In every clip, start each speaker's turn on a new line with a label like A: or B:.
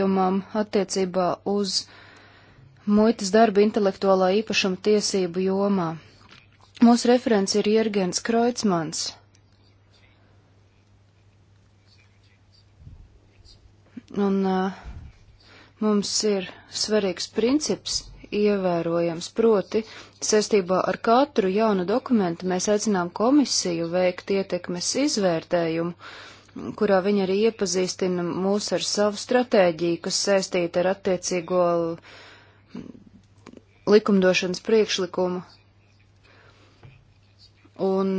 A: jomām attiecībā uz muitas darbu intelektuālā īpašuma tiesību jomā. Mūsu referents ir Jērgens Kreutzmans. Un uh, mums ir svarīgs princips ievērojams, proti, saistībā ar katru jaunu dokumentu mēs aicinām komisiju veikt ietekmes izvērtējumu, uh, kurā viņi arī iepazīstina mūs ar savu stratēģiju, kas saistīta ar attiecīgo likumdošanas priekšlikumu. Un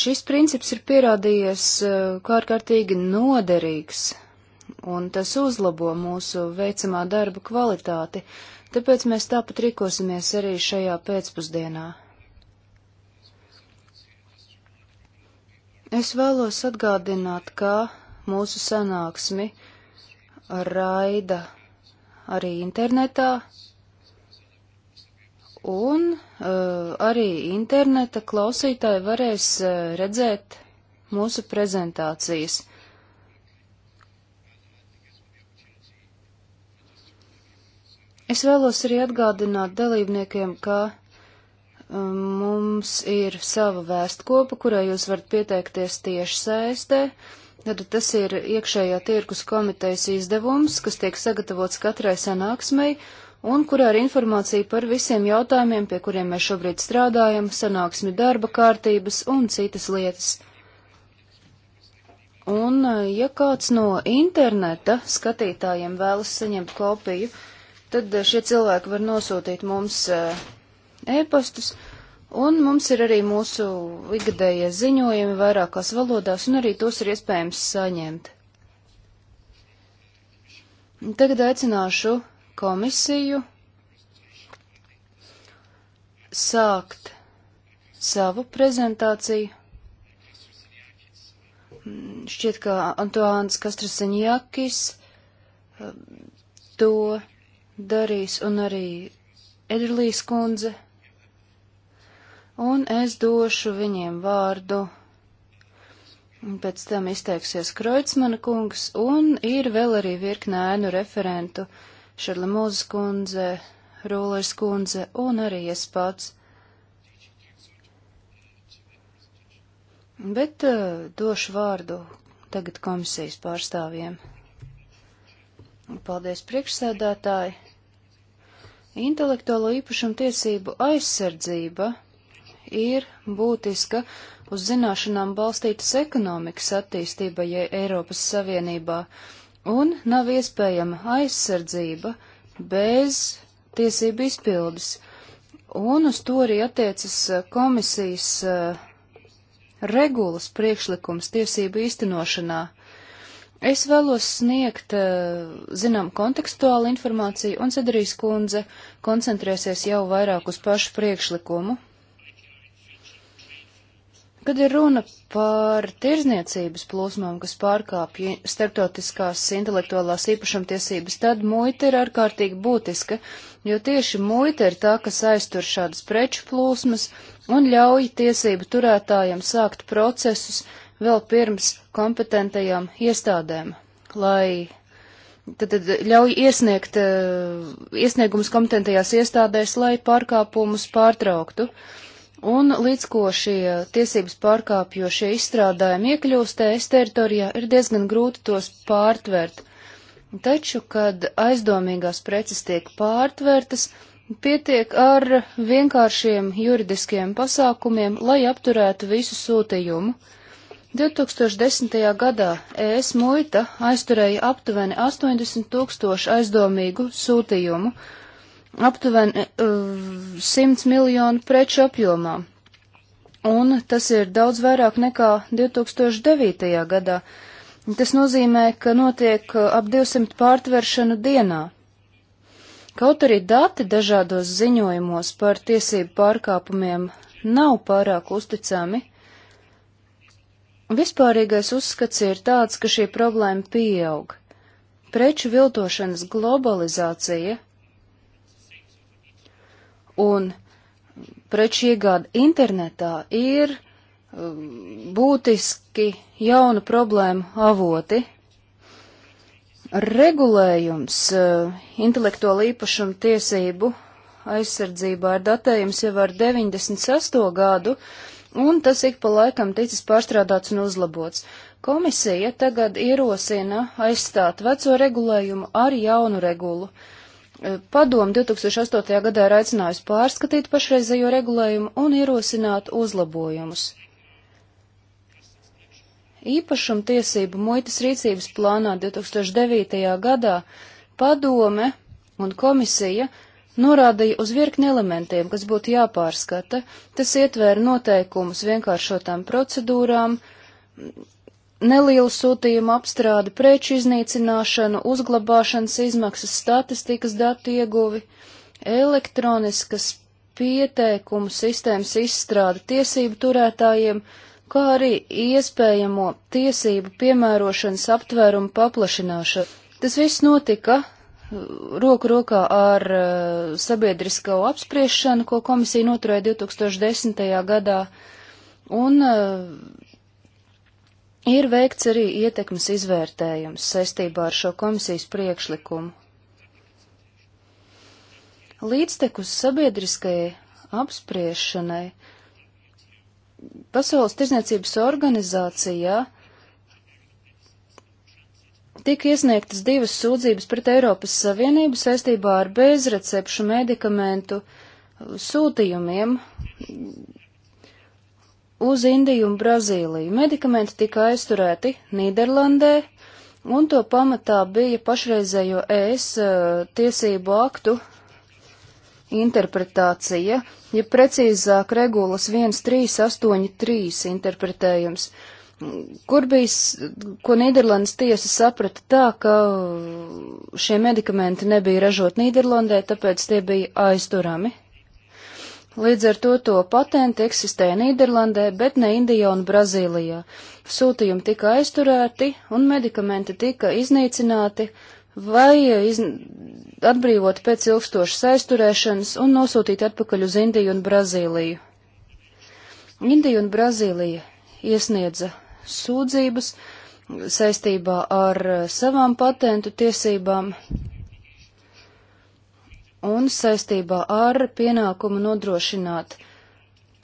A: šis princips ir pierādījies kārkārtīgi eh, noderīgs, un tas uzlabo mūsu veicamā darba kvalitāti, tāpēc mēs tāpat rīkosimies arī šajā pēcpusdienā. Es vēlos atgādināt, ka mūsu sanāksmi raida arī internetā un uh, arī interneta klausītāji varēs uh, redzēt mūsu prezentācijas. Es vēlos arī atgādināt dalībniekiem, ka Mums ir sava vēstkopa, kurā jūs varat pieteikties tieši saistē. Tad tas ir iekšējā tirkus komitejas izdevums, kas tiek sagatavots katrai sanāksmei un kurā ir informācija par visiem jautājumiem, pie kuriem mēs šobrīd strādājam, sanāksmi darba kārtības un citas lietas. Un, ja kāds no interneta skatītājiem vēlas saņemt kopiju, tad šie cilvēki var nosūtīt mums eh, ēpastus, un mums ir arī mūsu ikgadējie ziņojumi vairākās valodās, un arī tos ir iespējams saņemt. Tagad aicināšu komisiju sākt savu prezentāciju. Šķiet, ka Antoāns Kastraseņjakis eh, to darīs, un arī Edrlīs kundze un es došu viņiem vārdu. Pēc tam izteiksies Kreutzmana kungs, un ir vēl arī virknē ēnu referentu - Šerla Mūzes kundze, Rūlers kundze un arī es pats. Bet uh, došu vārdu tagad komisijas pārstāvjiem. Paldies priekšsēdētāji! Intelektuālo īpašumu tiesību aizsardzība ir būtiska uz zināšanām balstītas ekonomikas attīstība, ja Eiropas Savienībā, un nav iespējama aizsardzība bez tiesību izpildes, un uz to arī attiecas eh, komisijas eh, regulas priekšlikums tiesību īstenošanā. Es vēlos sniegt, eh, zinām, kontekstuālu informāciju, un Cedarīs kundze koncentrēsies jau vairāk uz pašu priekšlikumu. Kad ir runa par tirzniecības plūsmām, kas pārkāpj starptautiskās intelektuālās īpašumtiesības, tad muita ir ārkārtīgi būtiska, jo tieši muita ir tā, kas aiztur šādas preču plūsmas un ļauj tiesību turētājiem sākt procesus vēl pirms kompetentajām iestādēm, lai tad, tad ļauj iesniegt eh, iesniegumus kompetentajās iestādēs, lai pārkāpumus pārtrauktu. Uh, un līdz ko šie tiesības pārkāpjošie izstrādājumi iekļūst ES teritorijā, ir diezgan grūti tos pārtvert. Taču, kad aizdomīgās preces tiek pārtvertas, pietiek ar vienkāršiem juridiskiem pasākumiem, lai apturētu visu sūtījumu. 2010. gadā ES muita aizturēja aptuveni 80 tūkstošu aizdomīgu sūtījumu, aptuveni uh, 100 miljonu preču apjomā. Un tas ir daudz vairāk nekā 2009. gadā. Tas nozīmē, ka notiek uh, ap 200 pārtveršanu dienā. Kaut arī dati dažādos ziņojumos par tiesību pārkāpumiem nav pārāk uzticami, vispārīgais uzskats ir tāds, ka šī problēma pieaug. Preču viltošanas globalizācija un preču iegāde internetā ir um, būtiski jaunu problēmu avoti. Regulējums uh, intelektuāla īpašuma tiesību aizsardzībā ir datējums jau ar 98. gadu, un tas ik pa laikam ticis pārstrādāts un uzlabots. Komisija tagad ierosina aizstāt veco regulējumu ar jaunu regulu. Uh, Padoma 2008. gadā ir aicinājusi pārskatīt pašreizējo regulējumu un ierosināt uzlabojumus. Īpašuma tiesību muitas rīcības plānā 2009. gadā padome un komisija norādīja uz virkni elementiem, kas būtu jāpārskata. Tas ietvēra noteikumus vienkāršotām procedūrām, nelielu sūtījumu apstrādi, preču iznīcināšanu, uzglabāšanas izmaksas, statistikas datu ieguvi, elektroniskas pieteikumu sistēmas izstrādi tiesību turētājiem, kā arī iespējamo tiesību piemērošanas aptvērumu paplašināšanu. Tas viss notika uh, roku rokā ar uh, sabiedrisko apspriešanu, ko komisija noturēja 2010. gadā, un uh, Ir veikts arī ietekmes izvērtējums saistībā ar šo komisijas priekšlikumu. Līdztekus sabiedriskajai apspriešanai Pasaules tirzniecības organizācijā tika iesniegtas divas sūdzības pret Eiropas Savienību saistībā ar bezrecepšu medikamentu sūtījumiem uz Indiju un Brazīliju. Medikamenti tika aizturēti Nīderlandē, un to pamatā bija pašreizējo ES eh, tiesību aktu interpretācija, ja precīzāk regulas 1383 interpretējums, kur bija, ko Nīderlandes tiesa saprata tā, ka šie medikamenti nebija ražot Nīderlandē, tāpēc tie bija aizturami Līdz ar to to patenti eksistēja Nīderlandē, bet ne Indijā un Brazīlijā. Sūtījumi tika aizturēti un medikamenti tika iznīcināti vai eh, iz... atbrīvoti pēc ilgstošas aizturēšanas un nosūtīti atpakaļ uz Indiju un Brazīliju. Indija un Brazīlija iesniedza sūdzības saistībā ar eh, savām patentu tiesībām un saistībā ar pienākumu nodrošināt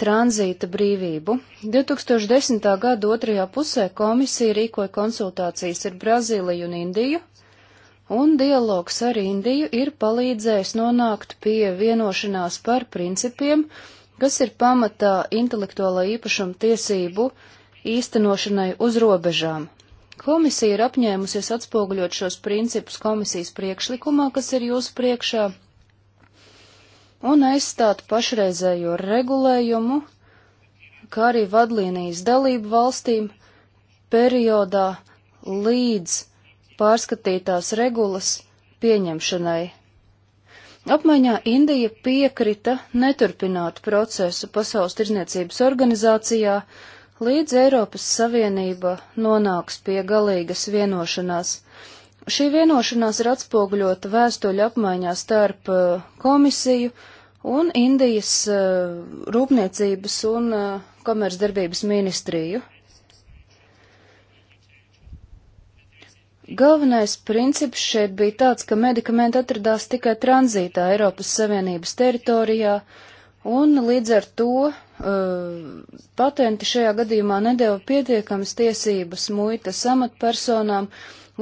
A: tranzīta brīvību. 2010. gada otrajā pusē komisija rīkoja konsultācijas ar Brazīliju un Indiju, un dialogs ar Indiju ir palīdzējis nonākt pie vienošanās par principiem, kas ir pamatā intelektuālā īpašuma tiesību īstenošanai uz robežām. Komisija ir apņēmusies atspoguļot šos principus komisijas priekšlikumā, kas ir jūsu priekšā un aizstāt pašreizējo regulējumu, kā arī vadlīnijas dalību valstīm periodā līdz pārskatītās regulas pieņemšanai. Apmaiņā Indija piekrita neturpināt procesu Pasaules tirzniecības organizācijā, līdz Eiropas Savienība nonāks pie galīgas vienošanās. Šī vienošanās ir atspoguļota vēstuļu apmaiņā starp eh, komisiju un Indijas eh, rūpniecības un eh, komercdarbības ministriju. Galvenais princips šeit bija tāds, ka medikamenti atradās tikai tranzītā Eiropas Savienības teritorijā, un līdz ar to uh, patenti šajā gadījumā nedēva pietiekamas tiesības muitas amatpersonām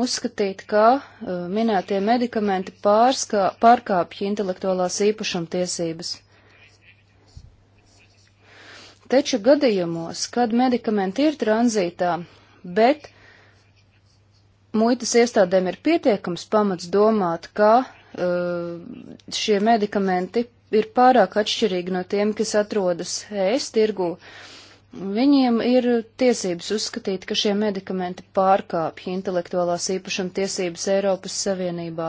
A: uzskatīt, ka uh, minētie medikamenti pārskā, pārkāpja intelektuālās īpašumtiesības. Taču gadījumos, kad medikamenti ir tranzītā, bet muitas iestādēm ir pietiekams pamats domāt, ka uh, šie medikamenti ir pārāk atšķirīgi no tiem, kas atrodas ēst tirgū, Viņiem ir tiesības uzskatīt, ka šie medikamenti pārkāpj intelektuālās īpašuma tiesības Eiropas Savienībā.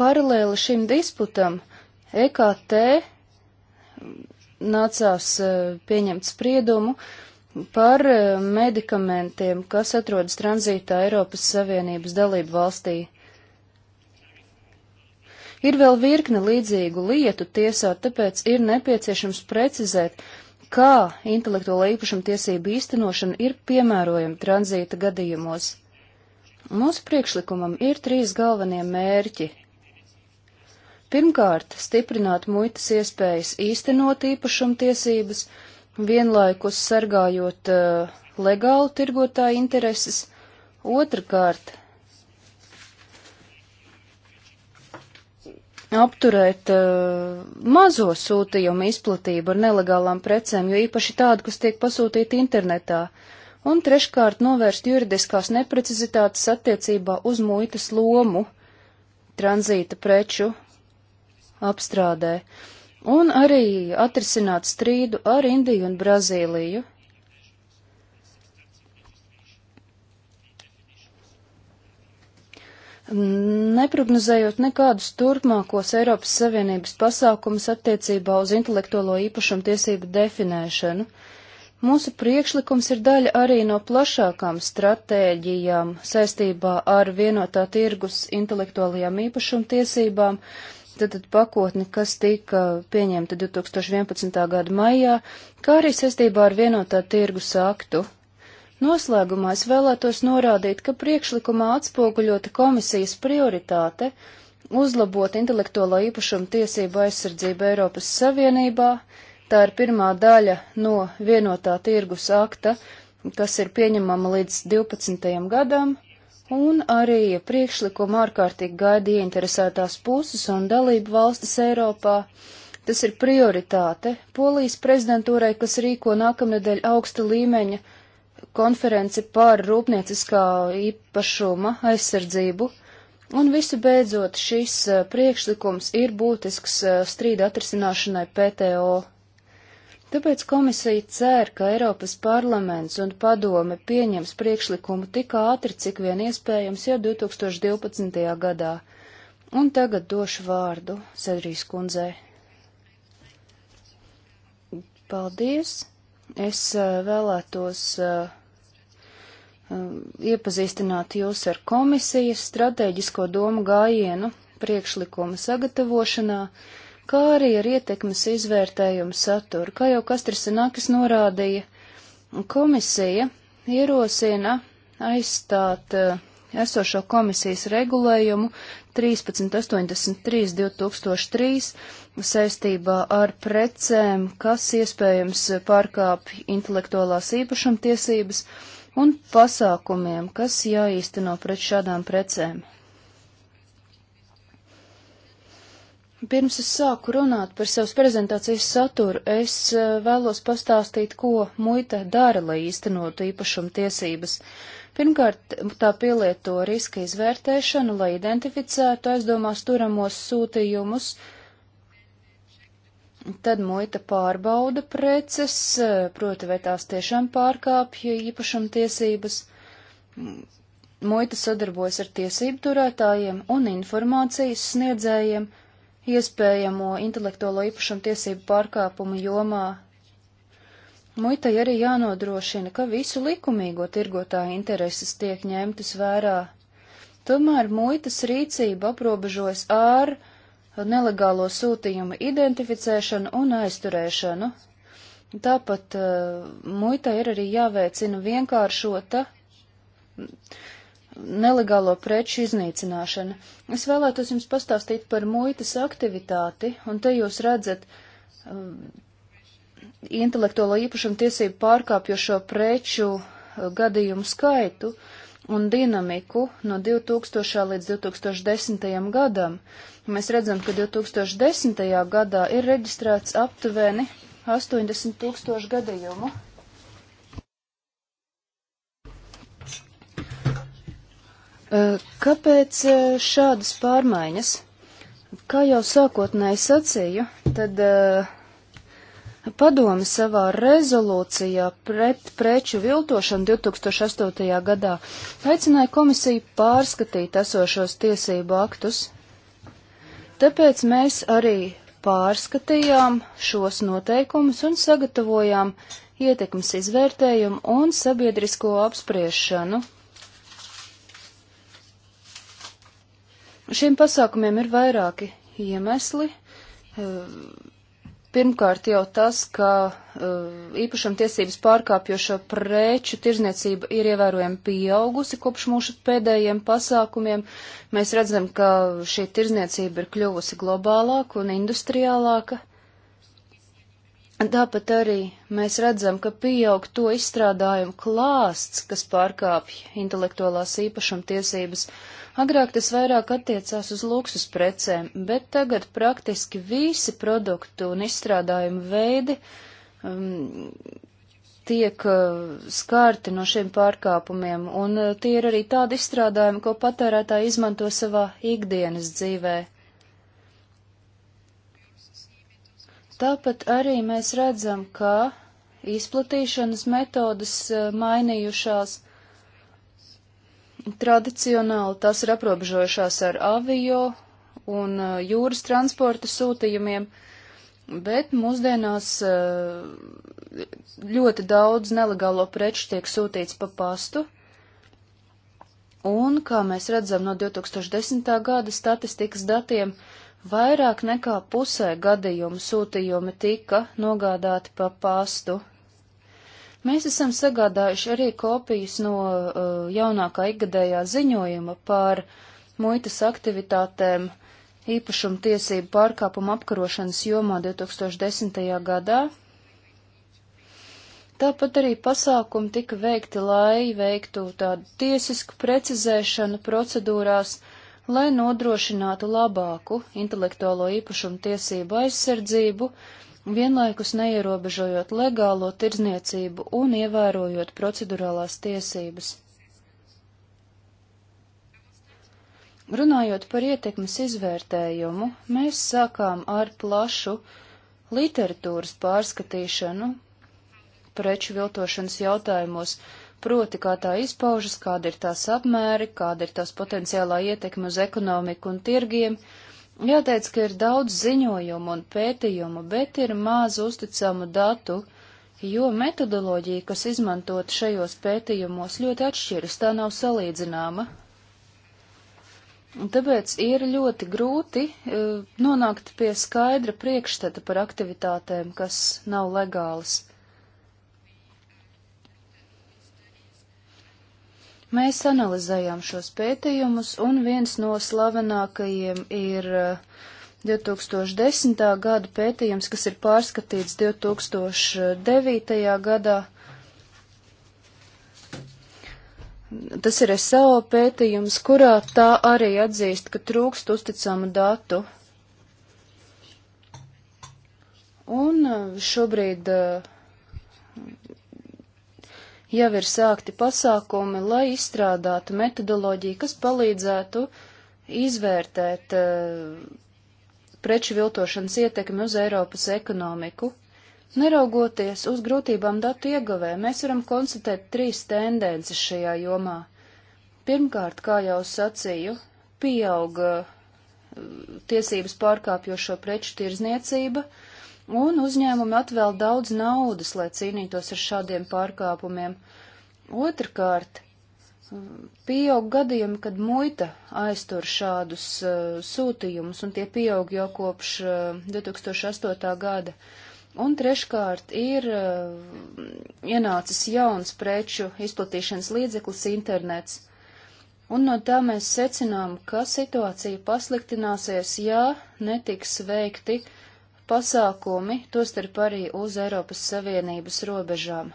A: Paralēli šim disputam EKT nācās e, pieņemt spriedumu par e, medikamentiem, kas atrodas tranzītā Eiropas Savienības dalību valstī. Ir vēl virkne līdzīgu lietu tiesā, tāpēc ir nepieciešams precizēt, kā intelektuāla īpašuma tiesība īstenošana ir piemērojama tranzīta gadījumos. Mūsu priekšlikumam ir trīs galvenie mērķi. Pirmkārt, stiprināt muitas iespējas īstenot īpašuma tiesības, vienlaikus sargājot uh, legālu tirgotāju intereses, otrkārt, apturēt uh, mazo sūtījumu izplatību ar nelegālām precēm, jo īpaši tādu, kas tiek pasūtīti internetā, un treškārt novērst juridiskās neprecizitātes attiecībā uz muitas lomu tranzīta preču apstrādē, un arī atrisināt strīdu ar Indiju un Brazīliju. Neprognozējot nekādus turpmākos Eiropas Savienības pasākumus attiecībā uz intelektuālo īpašumu tiesību definēšanu, mūsu priekšlikums ir daļa arī no plašākām stratēģijām saistībā ar vienotā tirgus intelektuālajām īpašumu tiesībām, tātad pakotni, kas tika pieņemta 2011. gada maijā, kā arī saistībā ar vienotā tirgus aktu Noslēgumā es vēlētos norādīt, ka priekšlikumā atspoguļota komisijas prioritāte uzlabot intelektuālā īpašuma tiesību aizsardzību Eiropas Savienībā. Tā ir pirmā daļa no vienotā tirgus akta, kas ir pieņemama līdz 12. gadam, un arī priekšlikuma ārkārtīgi gaida ieinteresētās puses un dalību valstis Eiropā. Tas ir prioritāte Polijas prezidentūrai, kas rīko nākamnedēļ augsta līmeņa konferenci par rūpnieciskā īpašuma aizsardzību. Un visu beidzot, šis priekšlikums ir būtisks strīda atrisināšanai PTO. Tāpēc komisija cer, ka Eiropas parlaments un padome pieņems priekšlikumu tik ātri, cik vien iespējams jau 2012. gadā. Un tagad došu vārdu Sedrīs kundzei. Paldies! Es vēlētos uh, Um, iepazīstināt jūs ar komisijas strateģisko domu gājienu priekšlikuma sagatavošanā, kā arī ar ietekmes izvērtējumu saturu. Kā jau Kastrisanakis norādīja, komisija ierosina aizstāt uh, esošo komisijas regulējumu 1383-2003 saistībā ar precēm, kas iespējams pārkāpj intelektuālās īpašumtiesības tiesības un pasākumiem, kas jāīsteno pret šādām precēm. Pirms es sāku runāt par savas prezentācijas saturu, es eh, vēlos pastāstīt, ko muita dara, lai īstenotu īpašuma tiesības. Pirmkārt, tā pielieto riska izvērtēšanu, lai identificētu aizdomās turamos sūtījumus, uh, Tad muita pārbauda preces, proti vai tās tiešām pārkāpja īpašumtiesības. Muita sadarbojas ar tiesību turētājiem un informācijas sniedzējiem iespējamo intelektuālo īpašumu tiesību pārkāpumu jomā. Muitai arī jānodrošina, ka visu likumīgo tirgotāju intereses tiek ņemtas vērā. Tomēr muitas rīcība aprobežojas ar nelegālo sūtījumu identificēšanu un aizturēšanu. Tāpat uh, muita ir arī jāveicina vienkāršota nelegālo preču iznīcināšana. Es vēlētos jums pastāstīt par muitas aktivitāti, un te jūs redzat um, intelektuālo īpašumu tiesību pārkāpjošo preču uh, gadījumu skaitu. Uh, un dinamiku no 2000. līdz 2010. gadam. Mēs redzam, ka 2010. gadā ir reģistrēts aptuveni 80 tūkstoši gadījumu. Kāpēc šādas pārmaiņas? Kā jau sākotnēji sacīju, tad uh, Padomi savā rezolūcijā pret preču viltošanu 2008. gadā aicināja komisiju pārskatīt esošos tiesību aktus. Tāpēc mēs arī pārskatījām šos noteikumus un sagatavojām ietekmes izvērtējumu un sabiedrisko apspriešanu. Šiem pasākumiem ir vairāki iemesli. Uh, Pirmkārt jau tas, ka uh, īpašam tiesības pārkāpjošo preču tirzniecība ir ievērojami pieaugusi kopš mūsu pēdējiem pasākumiem. Mēs redzam, ka šī tirzniecība ir kļuvusi globālāka un industriālāka. Tāpat arī mēs redzam, ka pieaug to izstrādājumu klāsts, kas pārkāpj intelektuālās īpašuma tiesības. Agrāk tas vairāk attiecās uz luksus precēm, bet tagad praktiski visi produktu un izstrādājumu veidi um, tiek uh, skārti no šiem pārkāpumiem, un uh, tie ir arī tādi izstrādājumi, ko patērētāji izmanto savā ikdienas dzīvē. Tāpat arī mēs redzam, ka izplatīšanas metodas eh, mainījušās. Tradicionāli tas ir aprobežojušās ar avio un eh, jūras transporta sūtījumiem, bet mūsdienās eh, ļoti daudz nelegālo preču tiek sūtīts pa pastu. Un, kā mēs redzam no 2010. gada statistikas datiem, uh, Vairāk nekā pusē gadījumu sūtījumi tika nogādāti pa pastu. Mēs esam sagādājuši arī kopijas no uh, jaunākā ikgadējā ziņojuma par muitas aktivitātēm īpašuma tiesību pārkāpuma apkarošanas jomā 2010. gadā. Tāpat arī pasākumi tika veikti, lai veiktu tādu tiesisku precizēšanu procedūrās, uh, lai nodrošinātu labāku intelektuālo īpašumu tiesību aizsardzību, vienlaikus neierobežojot legālo tirdzniecību un ievērojot procedurālās tiesības. Runājot par ietekmes izvērtējumu, mēs sākām ar plašu literatūras pārskatīšanu preču viltošanas jautājumos, proti kā tā izpaužas, kāda ir tās apmēri, kāda ir tās potenciālā ietekme uz ekonomiku un tirgiem. Jāteic, ka ir daudz ziņojumu un pētījumu, bet ir maz uzticamu datu, jo metodoloģija, kas izmantot šajos pētījumos, ļoti atšķiras, tā nav salīdzināma. Un tāpēc ir ļoti grūti e, nonākt pie skaidra priekšstata par aktivitātēm, kas nav legālas. Mēs analizējām šos pētījumus, un viens no slavenākajiem ir 2010. Eh, gada pētījums, kas ir pārskatīts 2009. gadā. Tas ir SAO pētījums, kurā tā arī atzīst, ka trūkst uzticamu datu un eh, šobrīd uh, jau ir sākti pasākumi, lai izstrādātu metodoloģiju, kas palīdzētu izvērtēt eh, preču viltošanas ietekmi uz Eiropas ekonomiku. Neraugoties uz grūtībām datu ieguvē, mēs varam konstatēt trīs tendences šajā jomā. Pirmkārt, kā jau sacīju, pieauga eh, tiesības pārkāpjošo preču tirzniecība, uh, un uzņēmumi atvēl daudz naudas, lai cīnītos ar šādiem pārkāpumiem. Otrakārt, pieaug gadījumi, kad muita aiztur šādus uh, sūtījumus, un tie pieaug jau kopš uh, eh, 2008. gada. Un treškārt ir uh, ienācis jauns preču izplatīšanas līdzeklis internets. Un no tā mēs secinām, ka situācija pasliktināsies, ja netiks veikti uh, pasākumi, tostarp arī uz Eiropas Savienības robežām.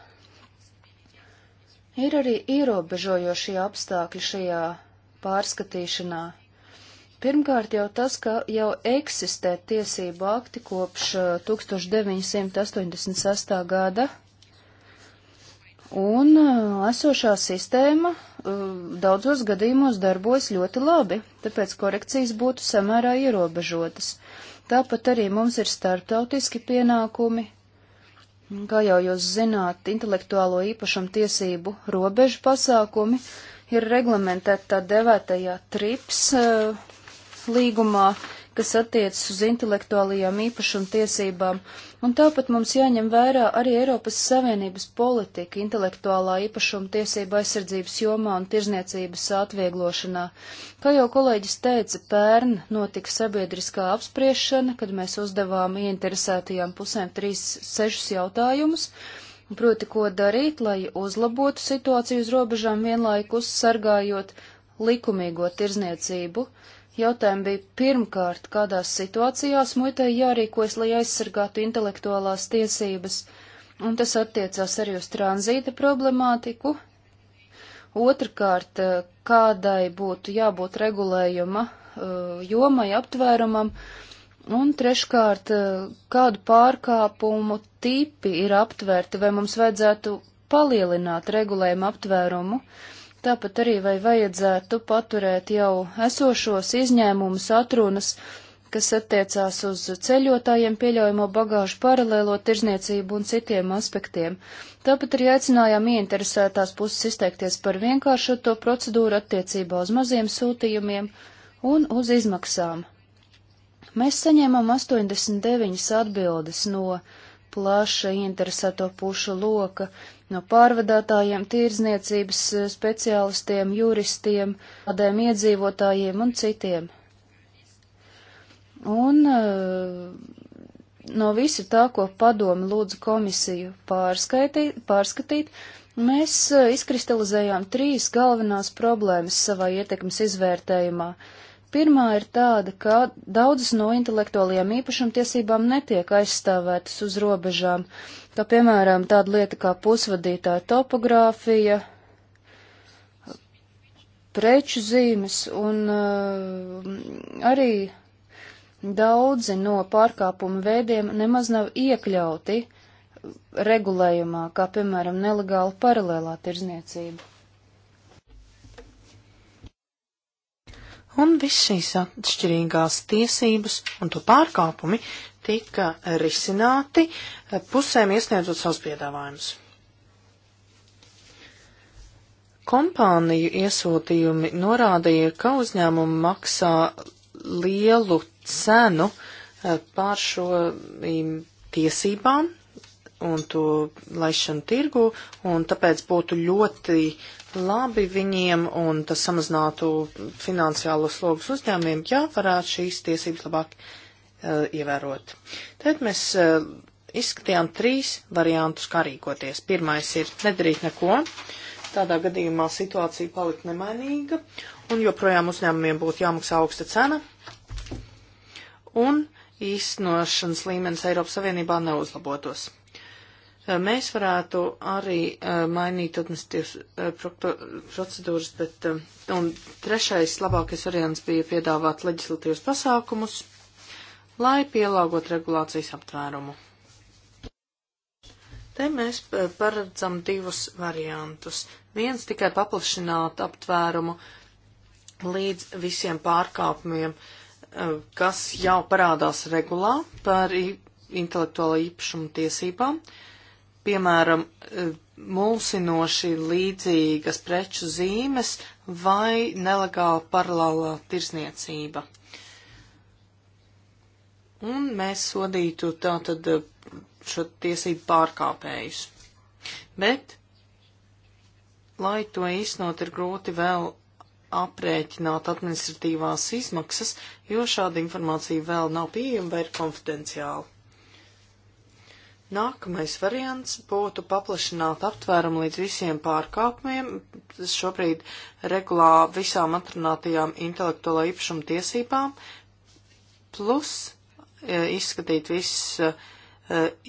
A: Ir arī ierobežojošie apstākļi šajā pārskatīšanā. Pirmkārt jau tas, ka jau eksistē tiesību akti kopš 1986. gada, un esošā sistēma daudzos gadījumos darbojas ļoti labi, tāpēc korekcijas būtu samērā ierobežotas. Uh, Tāpat arī mums ir starptautiski pienākumi. Kā jau jūs zināt, intelektuālo īpašumu tiesību robežu pasākumi ir reglamentēti tā devētajā trips eh, līgumā, kas attiecas uz intelektuālajām īpašuma tiesībām, un tāpat mums jāņem vērā arī Eiropas Savienības politika intelektuālā īpašuma tiesība aizsardzības jomā un tirzniecības atvieglošanā. Kā jau kolēģis teica, pērn notika sabiedriskā apspriešana, kad mēs uzdevām ieinteresētajām pusēm trīs sešus jautājumus proti, ko darīt, lai uzlabotu situāciju uz robežām, vienlaikus sargājot likumīgo tirzniecību. Jautājumi bija pirmkārt, kādās situācijās muitai jārīkojas, lai aizsargātu intelektuālās tiesības, un tas attiecās arī uz tranzīta problemātiku. Otrakārt, kādai būtu jābūt regulējuma eh, jomai, aptvērumam, un treškārt, eh, kādu pārkāpumu tipi ir aptvērti, vai mums vajadzētu palielināt regulējumu aptvērumu. Uh, Tāpat arī vai vajadzētu paturēt jau esošos izņēmumus atrunas, kas attiecās uz ceļotājiem pieļaujamo bagāžu paralēlo tirzniecību un citiem aspektiem. Tāpat arī aicinājām ieinteresētās puses izteikties par vienkāršoto procedūru attiecībā uz maziem sūtījumiem un uz izmaksām. Mēs saņēmām 89 atbildes no plaša interesēto pušu loka no pārvadātājiem, tīrzniecības eh, speciālistiem, juristiem, tādiem iedzīvotājiem un citiem. Un eh, no visu tā, ko padomi lūdzu komisiju pārskatīt, mēs eh, izkristalizējām trīs galvenās problēmas savā ietekmes izvērtējumā. Uh, Pirmā ir tāda, ka daudzas no intelektuālajām īpašumtiesībām netiek aizstāvētas uz robežām, kā piemēram tāda lieta kā pusvadītāja topogrāfija, preču zīmes un uh, arī daudzi no pārkāpumu veidiem nemaz nav iekļauti regulējumā, kā piemēram nelegāla paralēlā tirzniecība.
B: Un viss šīs atšķirīgās tiesības un to pārkāpumi tika risināti eh, pusēm iesniedzot savus piedāvājumus. Kompāniju iesūtījumi norādīja, ka uzņēmumi maksā lielu cenu eh, pār šo tiesībām, un to laišanu tirgu, un tāpēc būtu ļoti labi viņiem, un tas samazinātu finansiālo slogus uzņēmiem, ja varētu šīs tiesības labāk uh, ievērot. Tad mēs uh, izskatījām trīs variantus, kā rīkoties. Pirmais ir nedarīt neko, tādā gadījumā situācija palikt nemainīga, un joprojām uzņēmumiem būtu jāmaksā augsta cena, un īstenošanas līmenis Eiropas Savienībā neuzlabotos. Mēs varētu arī uh, mainīt administratīvas uh, pro procedūras, bet uh, un trešais labākais variants bija piedāvāt leģislatīvas pasākumus, lai pielāgot regulācijas aptvērumu. Te mēs paredzam divus variantus. Viens tikai paplašināt aptvērumu līdz visiem pārkāpumiem, kas jau parādās regulā par intelektuālo īpašumu tiesībām. Uh, piemēram, e, mulsinoši līdzīgas preču zīmes vai nelegāla paralēlā tirzniecība. Un mēs sodītu tātad e, šo tiesību pārkāpējus. Bet, lai to īstenot, ir grūti vēl aprēķināt administratīvās izmaksas, jo šāda informācija vēl nav pieejama vai ir konfidenciāla. Nākamais variants būtu paplašināt aptvērumu līdz visiem pārkāpumiem, tas šobrīd regulā visām atrunātajām intelektuālā īpašuma tiesībām, plus e, izskatīt viss e,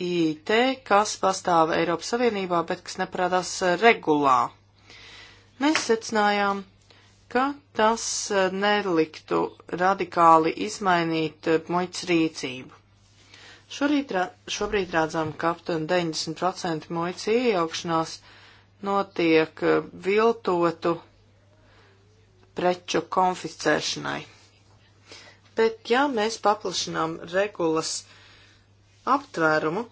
B: IT, kas pastāv Eiropas Savienībā, bet kas neparādās e, regulā. Mēs secinājām, ka tas neliktu radikāli izmainīt muļķis rīcību. Šorīt, šobrīd redzam, ka aptuveni 90% muitas iejaukšanās notiek eh, viltotu preču konficēšanai. Bet, ja mēs paplašinām regulas aptvērumu,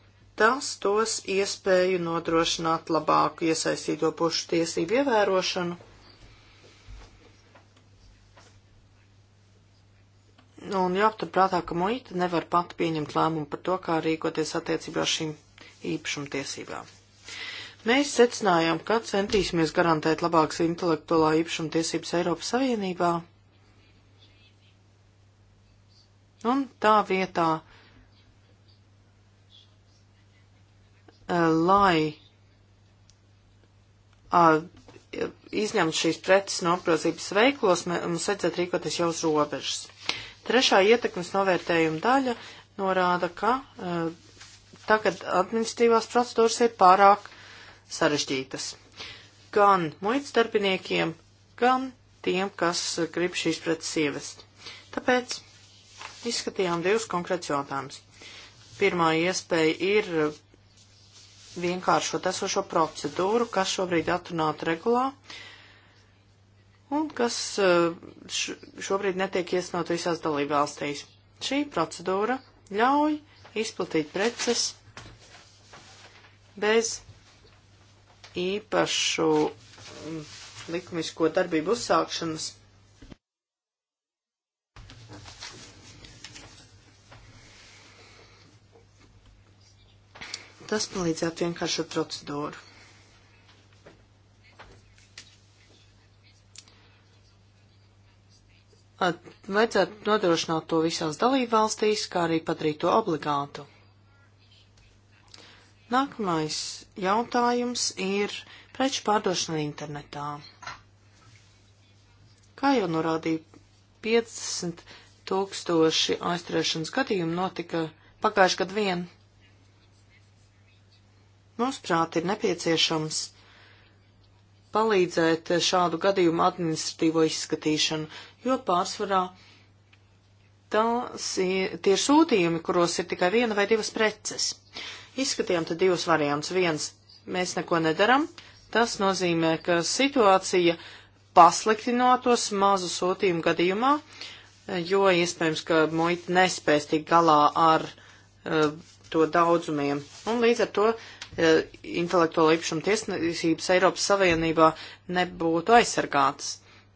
B: tas dos iespēju nodrošināt labāku iesaistīto pušu tiesību ievērošanu Un jāpaturprātā, ka muita nevar pat pieņemt lēmumu par to, kā rīkoties attiecībā ar šīm īpašumtiesībām. Mēs secinājām, ka centīsimies garantēt labākas intelektuālā īpašuma tiesības Eiropas Savienībā, un tā vietā, eh, lai eh, izņemtu šīs preces no apgrozības veiklos, mums vajadzētu rīkoties jau uz robežas. Trešā ietekmes novērtējuma daļa norāda, ka uh, tagad administratīvās procedūras ir pārāk sarežģītas. Gan muitas darbiniekiem, gan tiem, kas grib šīs preces ievest. Tāpēc izskatījām divus konkrētus jautājumus. Pirmā iespēja ir vienkāršot esošo procedūru, kas šobrīd atrunāta regulā, uh, un kas eh, šobrīd netiek iesnot visās dalībvalstīs. Šī procedūra ļauj izplatīt preces bez īpašu mm, likumisko darbību uzsākšanas. Tas palīdzētu vienkāršot procedūru. vajadzētu nodrošināt to visās dalībvalstīs, kā arī padarīt to obligātu. Nākamais jautājums ir preču pārdošana internetā. Kā jau norādīja, 50 tūkstoši aizturēšanas gadījumu notika pagājuši gadu vien. Mums prāt ir nepieciešams palīdzēt šādu gadījumu administratīvo izskatīšanu, jo pārsvarā tās ir, tie ir sūtījumi, kuros ir tikai viena vai divas preces. Izskatījām tad divus variants. Viens, mēs neko nedaram, tas nozīmē, ka situācija pasliktinātos mazu sūtījumu gadījumā, jo iespējams, ka muita nespēs tik galā ar uh, to daudzumiem. Un līdz ar to E, intelektuālo īpašumu tiesnesības Eiropas Savienībā nebūtu aizsargātas.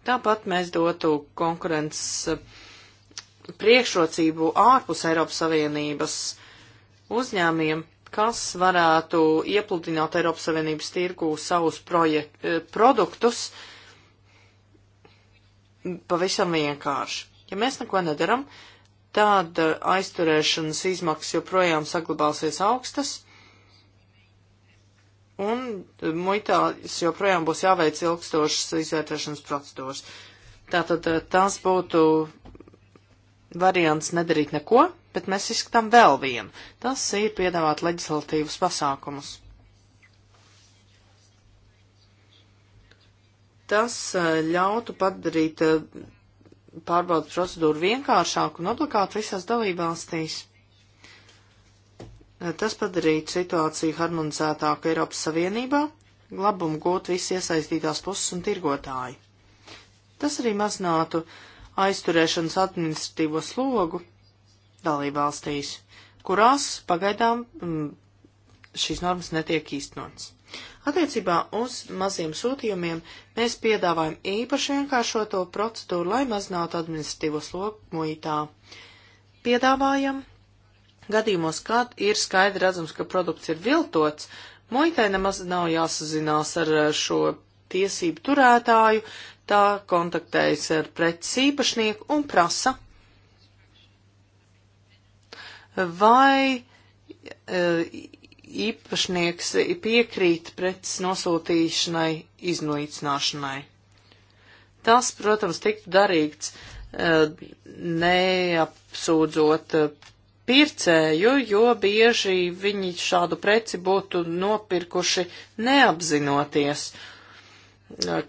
B: Tāpat mēs dotu konkurences e, priekšrocību ārpus Eiropas Savienības uzņēmiem, kas varētu iepludināt Eiropas Savienības tirgu savus projekt, e, produktus pavisam vienkārši. Ja mēs neko nedaram, tad aizturēšanas izmaksas joprojām saglabāsies augstas, un muitās joprojām būs jāveic ilgstošas izvērtēšanas procedūras. Tātad eh, tās būtu variants nedarīt neko, bet mēs izskatām vēl vienu. Tas ir piedāvāt leģislatīvus pasākumus. Tas eh, ļautu padarīt eh, pārbaudas procedūru vienkāršāku un obligātu visās dalībvalstīs. Eh, tas padarītu situāciju harmonizētāku Eiropas Savienībā, labumu gūt visi iesaistītās puses un tirgotāji. Tas arī mazinātu aizturēšanas administratīvo slogu dalībvalstīs, kurās pagaidām mm, šīs normas netiek īstenotas. Attiecībā uz maziem sūtījumiem mēs piedāvājam īpaši vienkāršoto procedūru, lai mazinātu administratīvo slogu muitā. Piedāvājam Gadījumos, kad ir skaidri redzams, ka produkts ir viltots, muitai nemaz nav jāsazinās ar eh, šo tiesību turētāju, tā kontaktējas ar preces īpašnieku un prasa, vai eh, īpašnieks piekrīt preces nosūtīšanai, iznīcināšanai. Tas, protams, tiktu darīts eh, neapsūdzot pircēju, jo bieži viņi šādu preci būtu nopirkuši neapzinoties,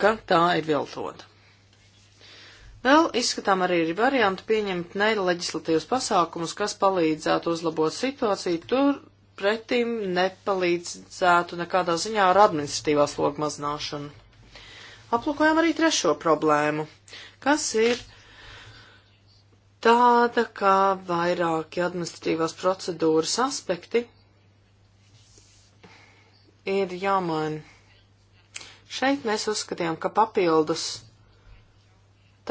B: ka tā ir viltota. Vēl izskatām arī ir variantu pieņemt neleģislatīvas pasākumus, kas palīdzētu uzlabot situāciju, tur pretim nepalīdzētu nekādā ziņā ar administratīvās logu mazināšanu. Aplūkojam arī trešo problēmu, kas ir tāda, kā vairāki administratīvās procedūras aspekti ir jāmaina. Šeit mēs uzskatījām, ka papildus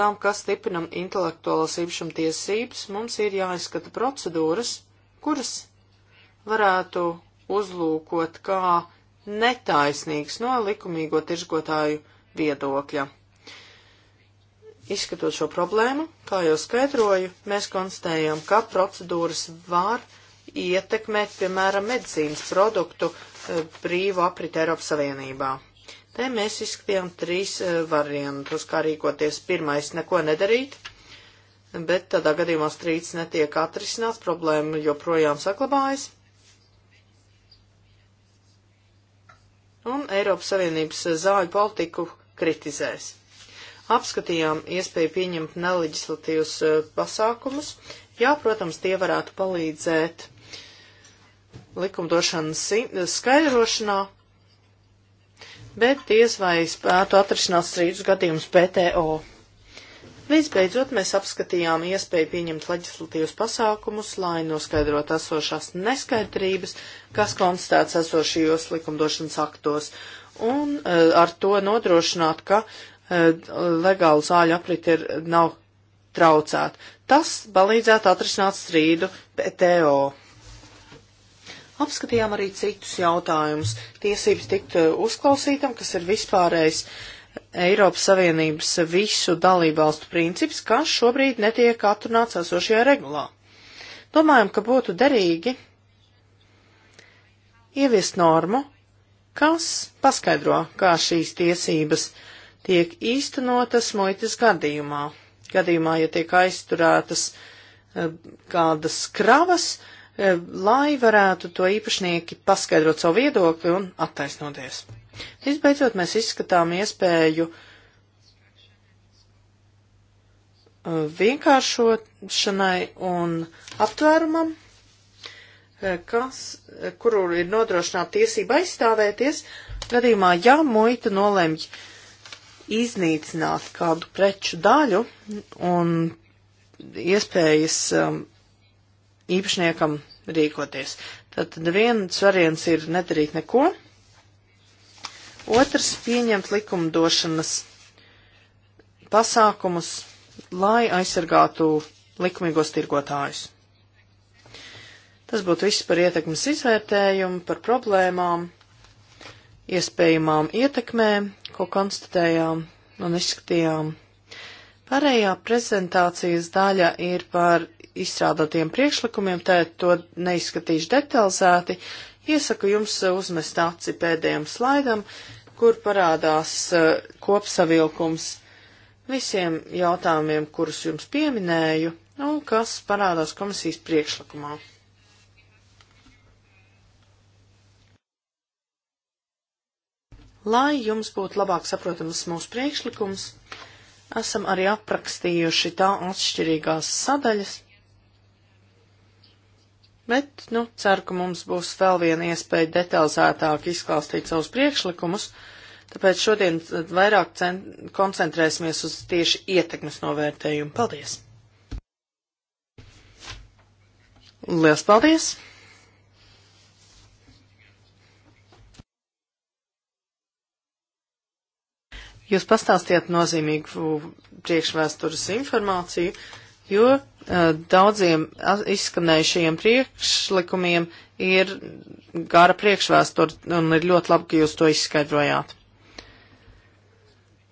B: tam, kas stiprinam intelektuālās īpašuma tiesības, mums ir jāizskata procedūras, kuras varētu uzlūkot kā netaisnīgs no likumīgo tirzgotāju viedokļa. Izskatot šo problēmu, kā jau skaidroju, mēs konstatējām, ka procedūras var ietekmēt, piemēram, medicīnas produktu eh, brīvu aprit Eiropas Savienībā. Te mēs izskatījām trīs eh, variantus, kā rīkoties. Pirmais - neko nedarīt, bet tādā gadījumā strīds netiek atrisināts, problēma joprojām saglabājas. Un Eiropas Savienības zāļu politiku kritizēs apskatījām iespēju pieņemt neleģislatīvus e, pasākumus. Jā, protams, tie varētu palīdzēt likumdošanas skaidrošanā, bet diez vai spētu atrisināt strīdus gadījumus PTO. Līdzbeidzot, mēs apskatījām iespēju pieņemt leģislatīvus pasākumus, lai noskaidrotu esošās neskaidrības, kas konstatēts esošajos likumdošanas aktos, un e, ar to nodrošināt, ka Eh, legālu zāļu aprit ir, nav traucēt. Tas palīdzētu atrisināt strīdu PTO. Apskatījām arī citus jautājumus. Tiesības tikt eh, uzklausītam, kas ir vispārējais Eiropas Savienības visu dalībvalstu princips, kas šobrīd netiek atrunāts esošajā regulā. Domājam, ka būtu derīgi ieviest normu, kas paskaidro, kā šīs tiesības uh, tiek īstenotas muitas gadījumā. Gadījumā, ja tiek aizturētas eh, kādas kravas, eh, lai varētu to īpašnieki paskaidrot savu viedokli un attaisnoties. Visbeidzot, mēs izskatām iespēju eh, vienkāršošanai un aptvērumam, kas, kuru ir nodrošināta tiesība aizstāvēties, gadījumā, ja muita nolemj uh, iznīcināt kādu preču daļu un iespējas um, īpašniekam rīkoties. Tātad viens variants ir nedarīt neko, otrs pieņemt likumdošanas pasākumus, lai aizsargātu likumīgos tirgotājus. Tas būtu viss par ietekmes izvērtējumu, par problēmām iespējamām ietekmēm, ko konstatējām un izskatījām. Pārējā prezentācijas daļa ir par izstrādātiem priekšlikumiem, tēt to neizskatīšu detalizēti. Iesaku jums uzmest aci pēdējam slaidam, kur parādās eh, kopsavilkums visiem jautājumiem, kurus jums pieminēju, un kas parādās komisijas priekšlikumā. Lai jums būtu labāk saprotams mūsu priekšlikums, esam arī aprakstījuši tā atšķirīgās sadaļas, bet, nu, ceru, ka mums būs vēl viena iespēja detalizētāk izklāstīt savus priekšlikumus, tāpēc šodien vairāk cent, koncentrēsimies uz tieši ietekmes novērtējumu. Paldies! Lielas paldies! Jūs pastāstījāt nozīmīgu priekšvēstures informāciju, jo uh, daudziem izskanējušajiem priekšlikumiem ir gara priekšvēsture, un ir ļoti labi, ka jūs to izskaidrojāt.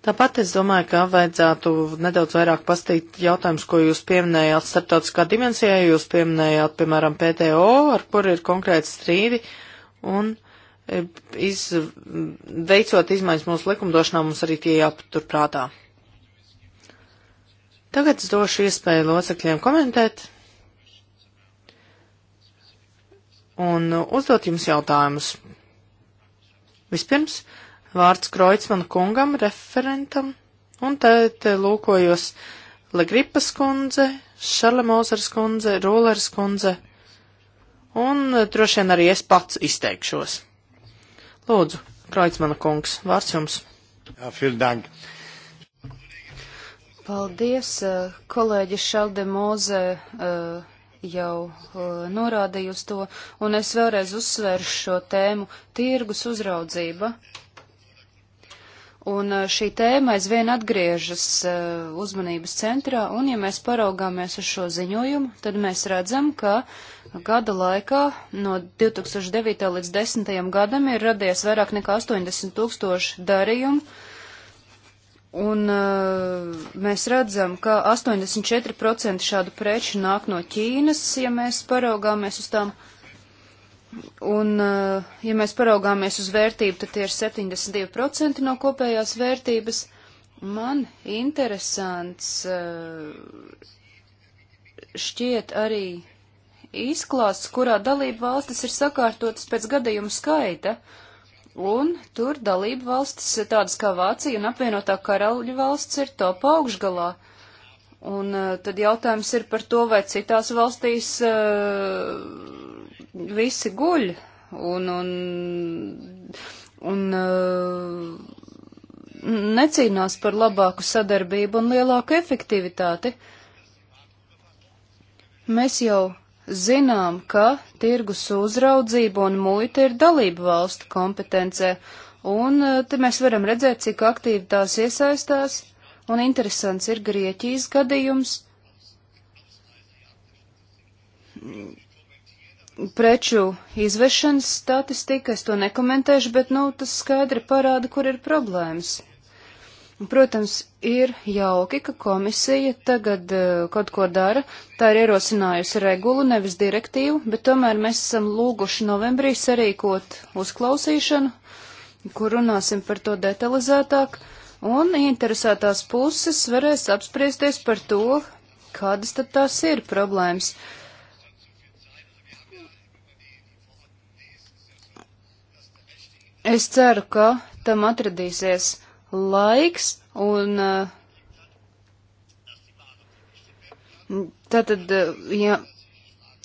B: Tāpat es domāju, ka vajadzētu nedaudz vairāk pastīt jautājumus, ko jūs pieminējāt starptautiskā dimensijā. Jūs pieminējāt, piemēram, PTO, ar kur ir konkrēti strīdi, un E, iz, veicot izmaiņas mūsu likumdošanā, mums arī tie jāpatur prātā. Tagad es došu iespēju locekļiem komentēt un uzdot jums jautājumus. Vispirms vārds Kroicmanu kungam, referentam, un tad lūkojos Legripas kundze, Šarle Mozers kundze, Rūlers kundze, un droši vien arī es pats izteikšos. Lūdzu, Kreutzmana kungs, vārds jums.
C: Jā, fildank.
A: Paldies, eh, kolēģi Šalde Moze eh, jau eh, norādīja uz to, un es vēlreiz uzsvēršu šo tēmu - tirgus uzraudzība. Un šī tēma aizvien atgriežas uzmanības centrā, un ja mēs paraugāmies uz šo ziņojumu, tad mēs redzam, ka uh, gada laikā, no 2009. līdz 2010. gadam, ir radies vairāk nekā 80 tūkstoši darījumu, un uh, mēs redzam, ka 84% šādu preču nāk no Ķīnas, ja mēs paraugāmies uz tām, un, uh, ja mēs paraugāmies uz vērtību, tad tie ir 72% no kopējās vērtības. Man interesants uh, šķiet arī izklāsts, kurā dalību valstis ir sakārtotas pēc gadījumu skaita, un tur dalību valstis, tādas kā Vācija un apvienotā karaļu valsts, ir top augšgalā. Un eh, tad jautājums ir par to, vai citās valstīs uh, visi guļ. Un, un, un uh, necīnās par labāku sadarbību un lielāku efektivitāti. Mēs jau zinām, ka tirgus uzraudzība un muita ir dalību valstu kompetencē, un eh, te mēs varam redzēt, cik aktīvi tās iesaistās, un interesants ir Grieķijas gadījums. Preču izvešanas statistika, es to nekomentēšu, bet, nu, tas skaidri parāda, kur ir problēmas. Protams, ir jauki, ka komisija tagad uh, kaut ko dara. Tā ir ierosinājusi regulu, nevis direktīvu, bet tomēr mēs esam lūguši novembrī sarīkot uzklausīšanu, kur runāsim par to detalizētāk, un interesētās puses varēs apspriesties par to, kādas tad tās ir problēmas. Es ceru, ka tam atradīsies laiks, un uh, tātad, uh, ja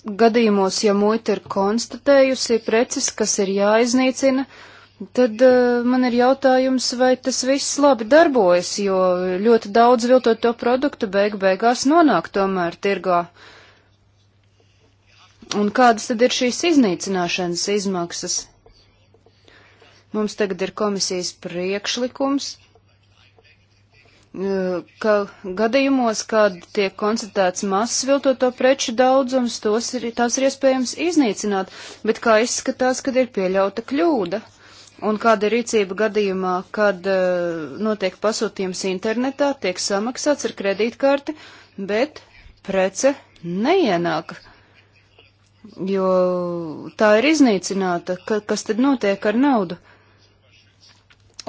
A: gadījumos, ja muita ir konstatējusi preces, kas ir jāiznīcina, Tad uh, man ir jautājums, vai tas viss labi darbojas, jo ļoti daudz viltot to produktu beig beigās nonāk tomēr tirgā. Un kādas tad ir šīs iznīcināšanas izmaksas? Mums tagad ir komisijas priekšlikums, eh, ka gadījumos, kad tiek konstatēts mazs viltoto preču daudzums, tos ir, tās ir iespējams iznīcināt, bet kā izskatās, kad ir pieļauta kļūda? Un kāda ir rīcība gadījumā, kad uh, notiek pasūtījums internetā, tiek samaksāts ar kredītkarti, bet prece neienāk, jo tā ir iznīcināta, ka, kas tad notiek ar naudu?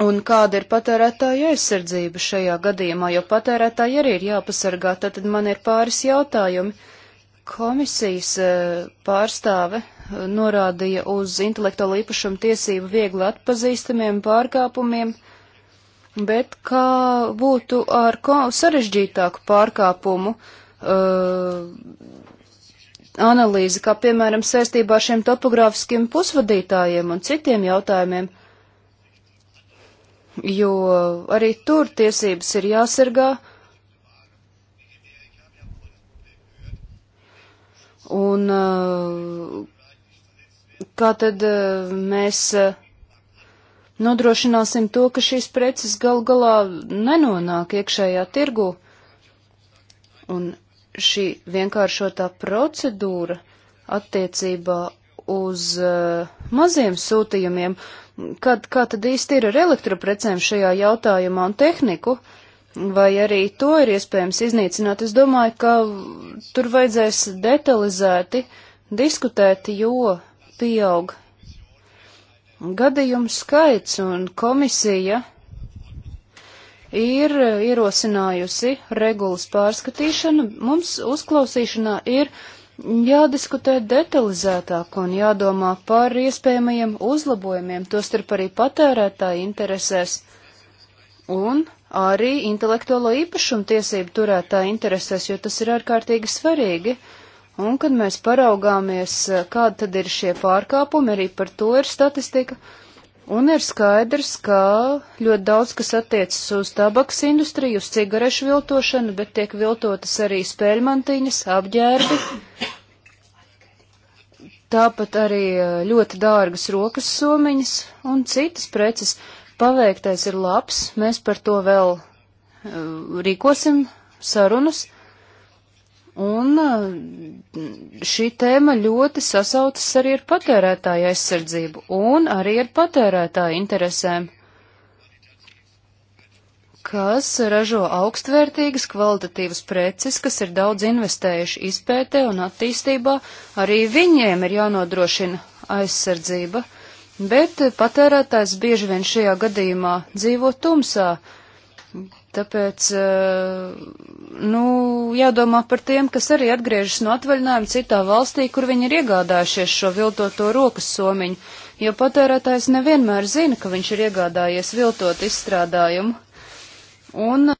A: Un kāda ir patērētāja aizsardzība šajā gadījumā, jo patērētāji arī ir jāpasargā, tad man ir pāris jautājumi. Komisijas eh, pārstāve eh, norādīja uz intelektuālo īpašumu tiesību viegli atpazīstamiem pārkāpumiem, bet kā būtu ar sarežģītāku pārkāpumu uh, analīzi, kā piemēram saistībā ar šiem topogrāfiskiem pusvadītājiem un citiem jautājumiem? jo arī tur tiesības ir jāsargā. Un uh, kā tad uh, mēs uh, nodrošināsim to, ka šīs preces gal galā nenonāk iekšējā tirgu? Un šī vienkāršotā procedūra attiecībā uz maziem sūtījumiem Kad, kā tad īsti ir ar elektroprecēm šajā jautājumā un tehniku? Vai arī to ir iespējams iznīcināt? Es domāju, ka tur vajadzēs detalizēti diskutēt, jo pieaug gadījumu skaits un komisija ir ierosinājusi regulas pārskatīšanu. Mums uzklausīšanā ir jādiskutē detalizētāk un jādomā par iespējamajiem uzlabojumiem, tostarp arī patērētāji interesēs un arī intelektuālo īpašumu tiesību turētāji interesēs, jo tas ir ārkārtīgi svarīgi. Un, kad mēs paraugāmies, kāda tad ir šie pārkāpumi, arī par to ir statistika, uh, Un ir skaidrs, ka ļoti daudz, kas attiecas uz tabaks industriju, uz cigarešu viltošanu, bet tiek viltotas arī spēļmantiņas, apģērbi, tāpat arī e, ļoti dārgas rokas somiņas un citas preces. Paveiktais ir labs, mēs par to vēl uh, rīkosim sarunas. Uh, Un eh, šī tēma ļoti sasautas arī ar patērētāju aizsardzību un arī ar patērētāju interesēm, kas ražo augstvērtīgas kvalitatīvas preces, kas ir daudz investējuši izpētē un attīstībā. Arī viņiem ir jānodrošina aizsardzība, bet patērētājs bieži vien šajā gadījumā dzīvo tumsā Tāpēc, eh, nu, jādomā par tiem, kas arī atgriežas no atvaļinājuma citā valstī, kur viņi ir iegādājušies šo viltoto rokas somiņu, jo patērētājs nevienmēr zina, ka viņš ir iegādājies viltot izstrādājumu. Un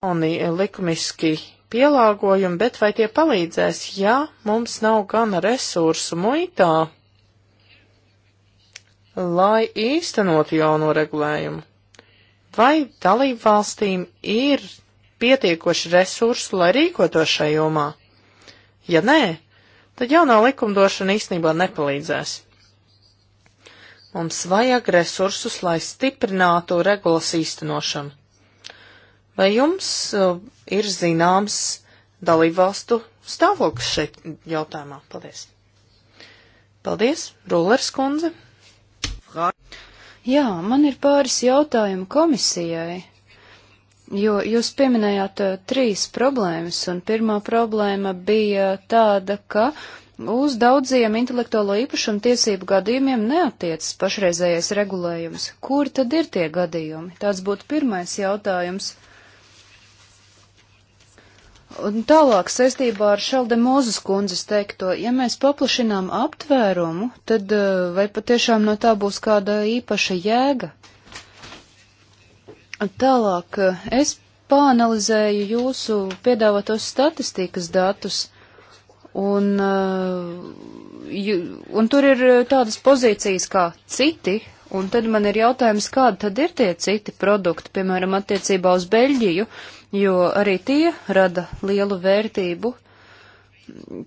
B: un e, likumiski pielāgojumi, bet vai tie palīdzēs, ja mums nav gana resursu muitā, lai īstenotu jauno regulējumu? Vai dalību valstīm ir pietiekoši resursu, lai rīkoto šai jomā? Ja nē, tad jaunā likumdošana īstenībā nepalīdzēs. Mums vajag resursus, lai stiprinātu regulas īstenošanu. Vai jums uh, ir zināms dalībvalstu stāvoklis šeit jautājumā? Paldies! Paldies,
A: Rulers kundze! Jā, man ir pāris jautājumu komisijai, jo jūs pieminējāt uh, trīs problēmas, un pirmā problēma bija tāda, ka uz daudziem intelektuālo īpašumu tiesību gadījumiem neatiecas pašreizējais regulējums. Kur tad ir tie gadījumi? Tāds būtu pirmais jautājums. Un tālāk saistībā ar Šalde Mozes kundzes teikto, ja mēs paplašinām aptvērumu, tad eh, vai patiešām no tā būs kāda īpaša jēga? Tālāk eh, es pāanalizēju jūsu piedāvātos statistikas datus, un, eh, un tur ir tādas pozīcijas kā citi, un tad man ir jautājums, kāda tad ir tie citi produkti, piemēram, attiecībā uz Beļģiju. Uh, jo arī tie rada lielu vērtību.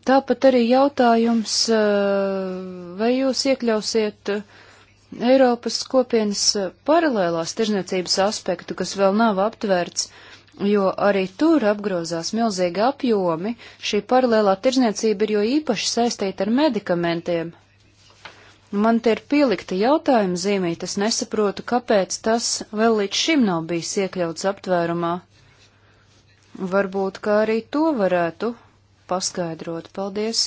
A: Tāpat arī jautājums, eh, vai jūs iekļausiet eh, Eiropas kopienas eh, paralēlās tirzniecības aspektu, kas vēl nav aptvērts, jo arī tur apgrozās milzīgi apjomi, šī paralēlā tirzniecība ir jo īpaši saistīta ar medikamentiem. Man te ir pielikta jautājuma zīmīte, es nesaprotu, kāpēc tas vēl līdz šim nav bijis iekļauts aptvērumā. Varbūt, kā arī to varētu paskaidrot. Paldies!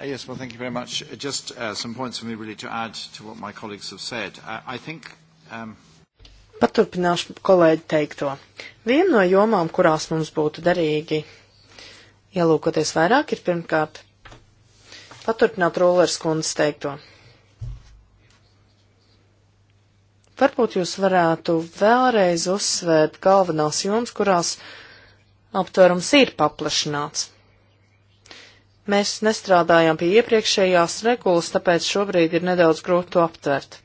B: Uh, yes, well, thank you very much. Uh, just uh, some points for me really to add to what my colleagues have said. Uh, I think... Um... Paturpināšu kolēģi teikto. Viena no jomām, kurās mums būtu derīgi ielūkoties vairāk, ir pirmkārt paturpināt Rūlers kundzes teikto. Varbūt jūs varētu vēlreiz uzsvērt galvenās jomas, kurās aptvērums ir paplašināts. Mēs nestrādājām pie iepriekšējās regulas, tāpēc šobrīd ir nedaudz grūti to aptvert.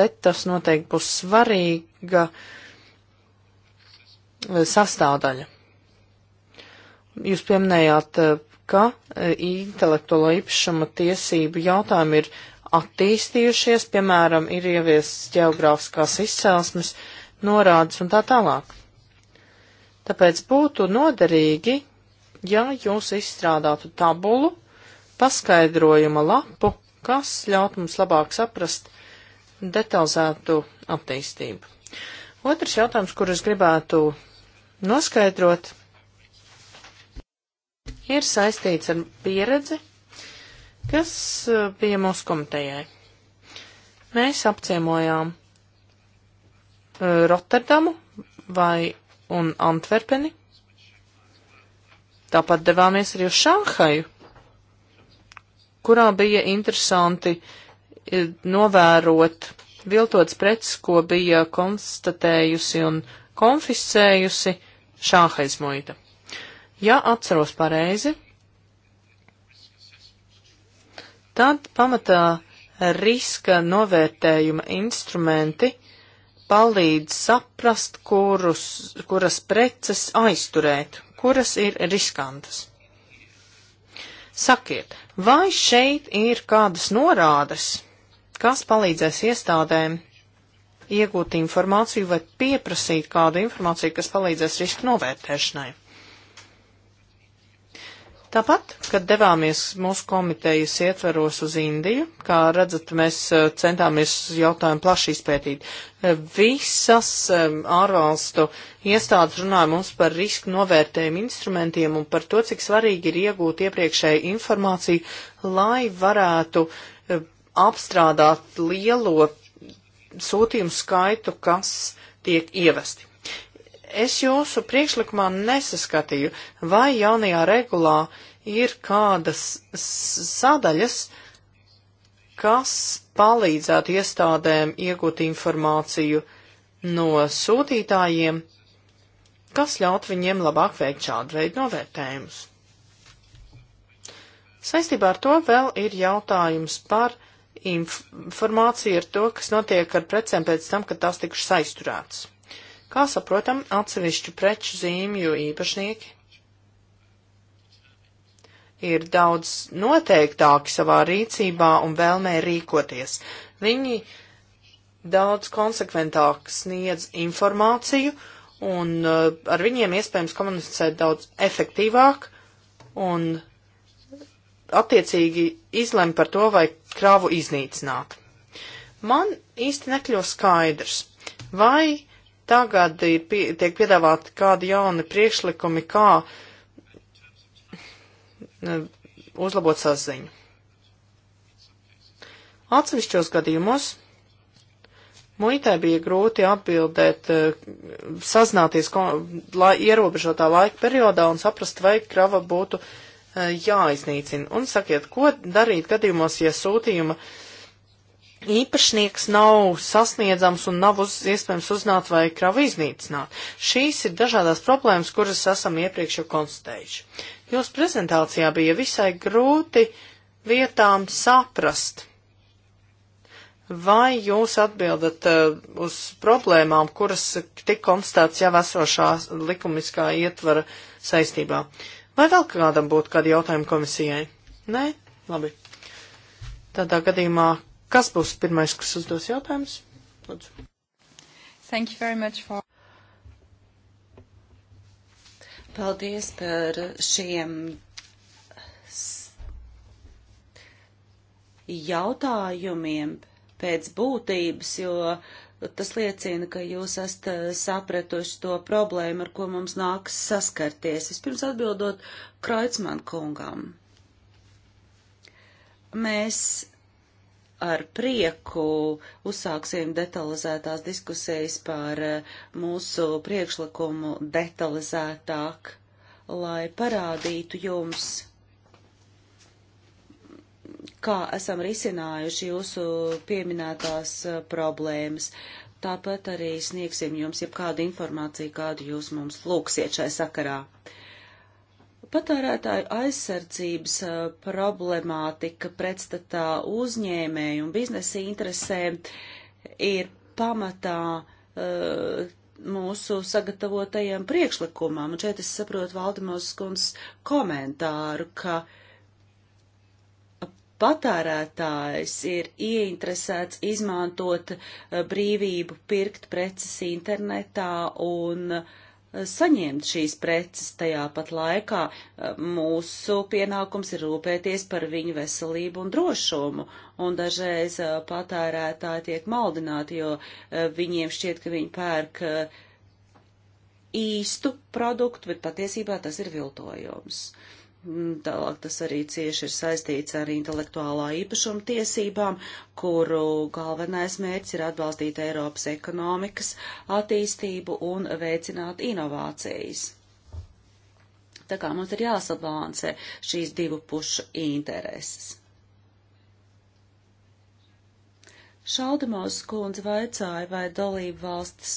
B: Bet tas noteikti būs svarīga eh, sastāvdaļa. Jūs pieminējāt, eh, ka eh, intelektuālo īpašuma tiesību jautājumi ir attīstījušies, piemēram, ir ieviests ģeogrāfiskās izcelsmes norādes un tā tālāk. Tāpēc būtu noderīgi, ja jūs izstrādātu tabulu, paskaidrojuma lapu, kas ļaut mums labāk saprast detalizētu attīstību. Otrs jautājums, kur es gribētu noskaidrot, ir saistīts ar pieredzi Kas eh, bija mūsu komitejai? Mēs apciemojām eh, Rotterdamu vai un Antverpeni. Tāpat devāmies arī uz Šanhaju, kurā bija interesanti eh, novērot viltotas preces, ko bija konstatējusi un konfiscējusi Šāhais muita. Ja atceros pareizi, Tad pamatā riska novērtējuma instrumenti palīdz saprast, kurus, kuras preces aizturēt, kuras ir riskantas. Sakiet, vai šeit ir kādas norādes, kas palīdzēs iestādēm iegūt informāciju vai pieprasīt kādu informāciju, kas palīdzēs risku novērtēšanai? Tāpat, kad devāmies mūsu komitejas ietveros uz Indiju, kā redzat, mēs eh, centāmies jautājumu plaši izpētīt. Eh, visas eh, ārvalstu iestādes runāja mums par risku novērtējumu instrumentiem un par to, cik svarīgi ir iegūt iepriekšēju informāciju, lai varētu apstrādāt lielo sūtījumu skaitu, kas tiek ievesti es jūsu priekšlikumā nesaskatīju, vai jaunajā regulā ir kādas sadaļas, kas palīdzētu iestādēm iegūt informāciju no sūtītājiem, kas ļaut viņiem labāk veikt šādu veidu novērtējumus. Saistībā ar to vēl ir jautājums par informāciju ar to, kas notiek ar precēm pēc tam, kad tās tikušas aizturētas. Kā saprotam, atsevišķu preču zīmju īpašnieki ir daudz noteiktāki savā rīcībā un vēlmē rīkoties. Viņi daudz konsekventāk sniedz informāciju un uh, ar viņiem iespējams komunicēt daudz efektīvāk un attiecīgi izlem par to, vai krāvu iznīcināt. Man īsti nekļūst skaidrs, vai tagad ir, pie, tiek piedāvāti kādi jauni priekšlikumi, kā e, uzlabot saziņu. Atsevišķos gadījumos muitē bija grūti atbildēt, e, sazināties lai, ierobežotā laika periodā un saprast, vai krava būtu e, jāiznīcina. Un sakiet, ko darīt gadījumos, ja sūtījuma uh, īpašnieks nav sasniedzams un nav uz, iespējams uzzināt vai kravu iznīcināt. Šīs ir dažādās problēmas, kuras esam iepriekš jau konstatējuši. Jūsu prezentācijā bija visai grūti vietām saprast, vai jūs atbildat uh, uz problēmām, kuras tik konstatēts jau esošā likumiskā ietvara saistībā. Vai vēl kādam būtu kādi jautājumi komisijai? Nē? Labi. Tādā gadījumā Kas būs pirmais, kas uzdos jautājumus?
C: Lūdzu. Thank you very much for. Paldies par šiem jautājumiem pēc būtības, jo tas liecina, ka jūs esat sapratuši to problēmu, ar ko mums nāks saskarties. Vispirms atbildot Kreutzmann kungam. Mēs ar prieku uzsāksim detalizētās diskusijas par eh, mūsu priekšlikumu detalizētāk, lai parādītu jums, kā esam risinājuši jūsu pieminētās eh, problēmas. Tāpat arī sniegsim jums jebkādu informāciju, kādu jūs mums lūksiet šai sakarā. Uh, Patērētāju aizsardzības problemātika pretstatā uzņēmēju un biznesa interesēm ir pamatā uh, mūsu sagatavotajam priekšlikumam, un šeit es saprotu Valdemāras kundzes komentāru, ka patērētājs ir ieinteresēts izmantot brīvību pirkt preces internetā un uh, saņemt šīs preces tajā pat laikā. Mūsu pienākums ir rūpēties par viņu veselību un drošumu, un dažreiz patērētāji tiek maldināti, jo viņiem šķiet, ka viņi pērk īstu produktu, bet patiesībā tas ir viltojums. Uh, Mm, tālāk tas arī cieši ir saistīts ar intelektuālā īpašuma tiesībām, kuru galvenais mērķis ir atbalstīt Eiropas ekonomikas attīstību un veicināt inovācijas. Tā kā mums ir jāsabalansē šīs divu pušu intereses. Šaldemos kundze vaicāja, vai dalību valstis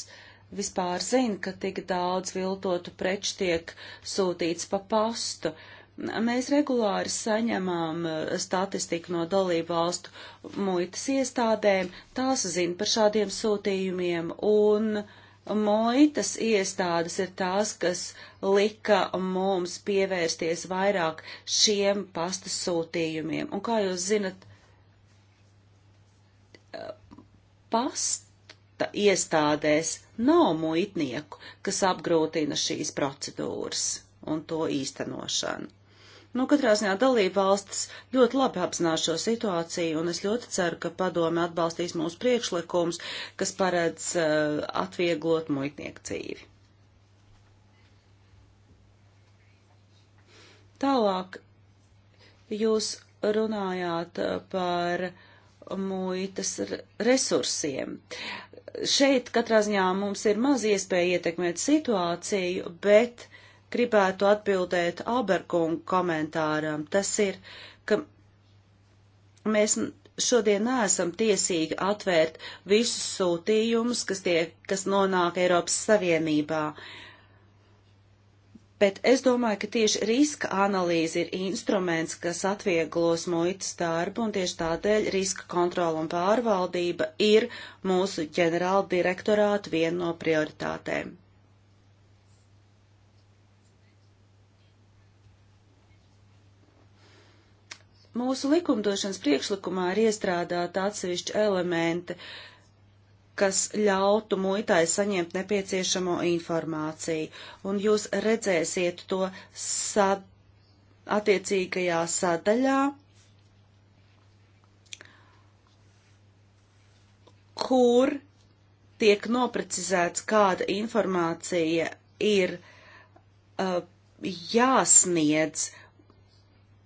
C: vispār zina, ka tik daudz viltotu preču tiek sūtīts pa pastu. Uh, Mēs regulāri saņemam eh, statistiku no dalību valstu muitas iestādēm, tās zina par šādiem sūtījumiem, un muitas iestādes ir tās, kas lika mums pievērsties vairāk šiem pasta sūtījumiem. Un kā jūs zinat, eh, pasta iestādēs nav muitnieku, kas apgrūtina šīs procedūras un to īstenošanu. Nu, katrā ziņā dalība valstis ļoti labi apzinās šo situāciju, un es ļoti ceru, ka padome atbalstīs mūsu priekšlikums, kas paredz uh, atvieglot muitnieku dzīvi. Tālāk jūs runājāt uh, par muitas resursiem. Šeit katrā ziņā mums ir maz iespēja ietekmēt situāciju, bet gribētu atbildēt Alberkungu komentāram. Tas ir, ka mēs šodien neesam tiesīgi atvērt visus sūtījumus, kas, tiek, kas nonāk Eiropas Savienībā. Bet es domāju, ka tieši riska analīze ir instruments, kas atvieglos muitas darbu, un tieši tādēļ riska kontrola un pārvaldība ir mūsu ģenerāla direktorāta viena no prioritātēm. Mūsu likumdošanas priekšlikumā ir iestrādāta atsevišķa elementi, kas ļautu muitai saņemt nepieciešamo informāciju, un jūs redzēsiet to sad attiecīgajā sadaļā, kur tiek noprecizēts, kāda informācija ir uh, jāsniedz